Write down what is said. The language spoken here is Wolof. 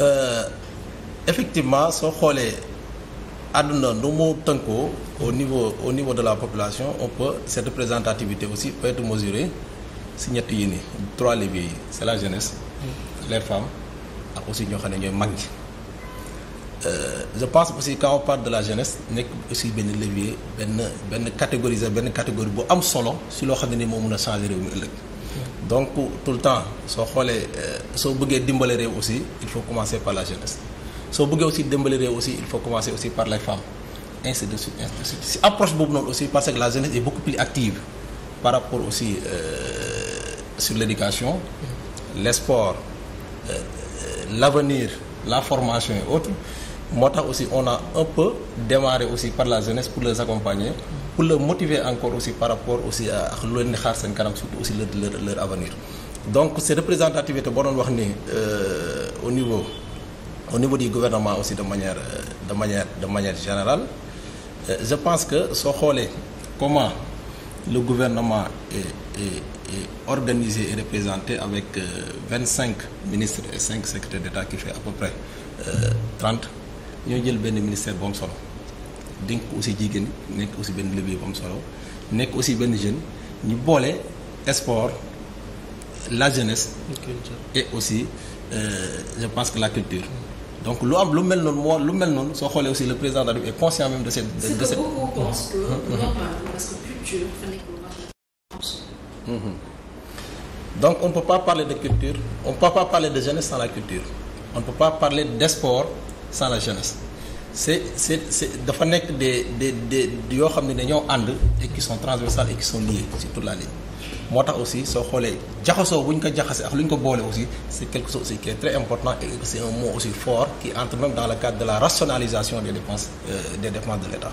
Euh, effectivement soo xoolee àdduna nu mu tënkoo au niveau au niveau de la population on peut cette représentativité aussi peut être mesurée si ñett yi ni trois leviers yi c' la jeunesse mm. les femmes ak aussi ñoo xam ne ñooy mag ñi euh, je pense aussi quand on parle de la jeunesse nekk aussi benn levier benn benn catégorisé benn catégorie bu am solo si loo xam ne ni moo mun a changer réew mi ëllëg donc tout le temps soo xoolee euh, soo bëggee dimbale réew aussi il faut commencer par la jeunesse soo bëggee aussi dimbale réew aussi il faut commencer aussi par les femmes ainsi de suite ainsi de suite si approche boobu noonu aussi parce que la jeunesse est beaucoup plus active par rapport aussi euh, sur l'éducation les sports euh, euh l'avenir la formation et autres moo tax aussi on a un peu aussi par la jeunesse pour les accompagner pour les motiver encore aussi par rapport aussi ak lu leen di xaar seen kanam surtout aussi leur leur leur avenir donc ces représentativité boo doon wax ni euh, au niveau au niveau du gouvernement aussi de manière euh, de manière de manière générale euh, je pense que soo xoolee comment le gouvernement est est est organisé représenté avec vingt cinq ministres et cinq secrétaires d'État qui fait à peu près trente. ñoo jël benn ministère bu am solo dénk aussi jigéen nekk aussi benn liggéey bu am solo nekk aussi benn jeune ñu boole sport la jeunesse. et aussi euh, je pense que la culture. donc lu am lu mel noonu moo lu mel noonu soo xoolee aussi le président de la République est de cette. de, de cette mhm. donc on peut pas parler de culture on ne pas parler de jeunesse sans la culture on peut pas parler de sans la jeunesse c'est c'est dafa nekk de des des yoo xam ne dañoo ànd et qui sont transversales et qui sont liées sur toute la moo tax aussi soo xoolee jaxasoo bu ko jaxasee ak lu ñu ko boole aussi c'est quelque chose aussi qui est très important et c'est un mot aussi fort qui entre même dans le cadre de la rationalisation des dépenses euh, des dépenses de l'État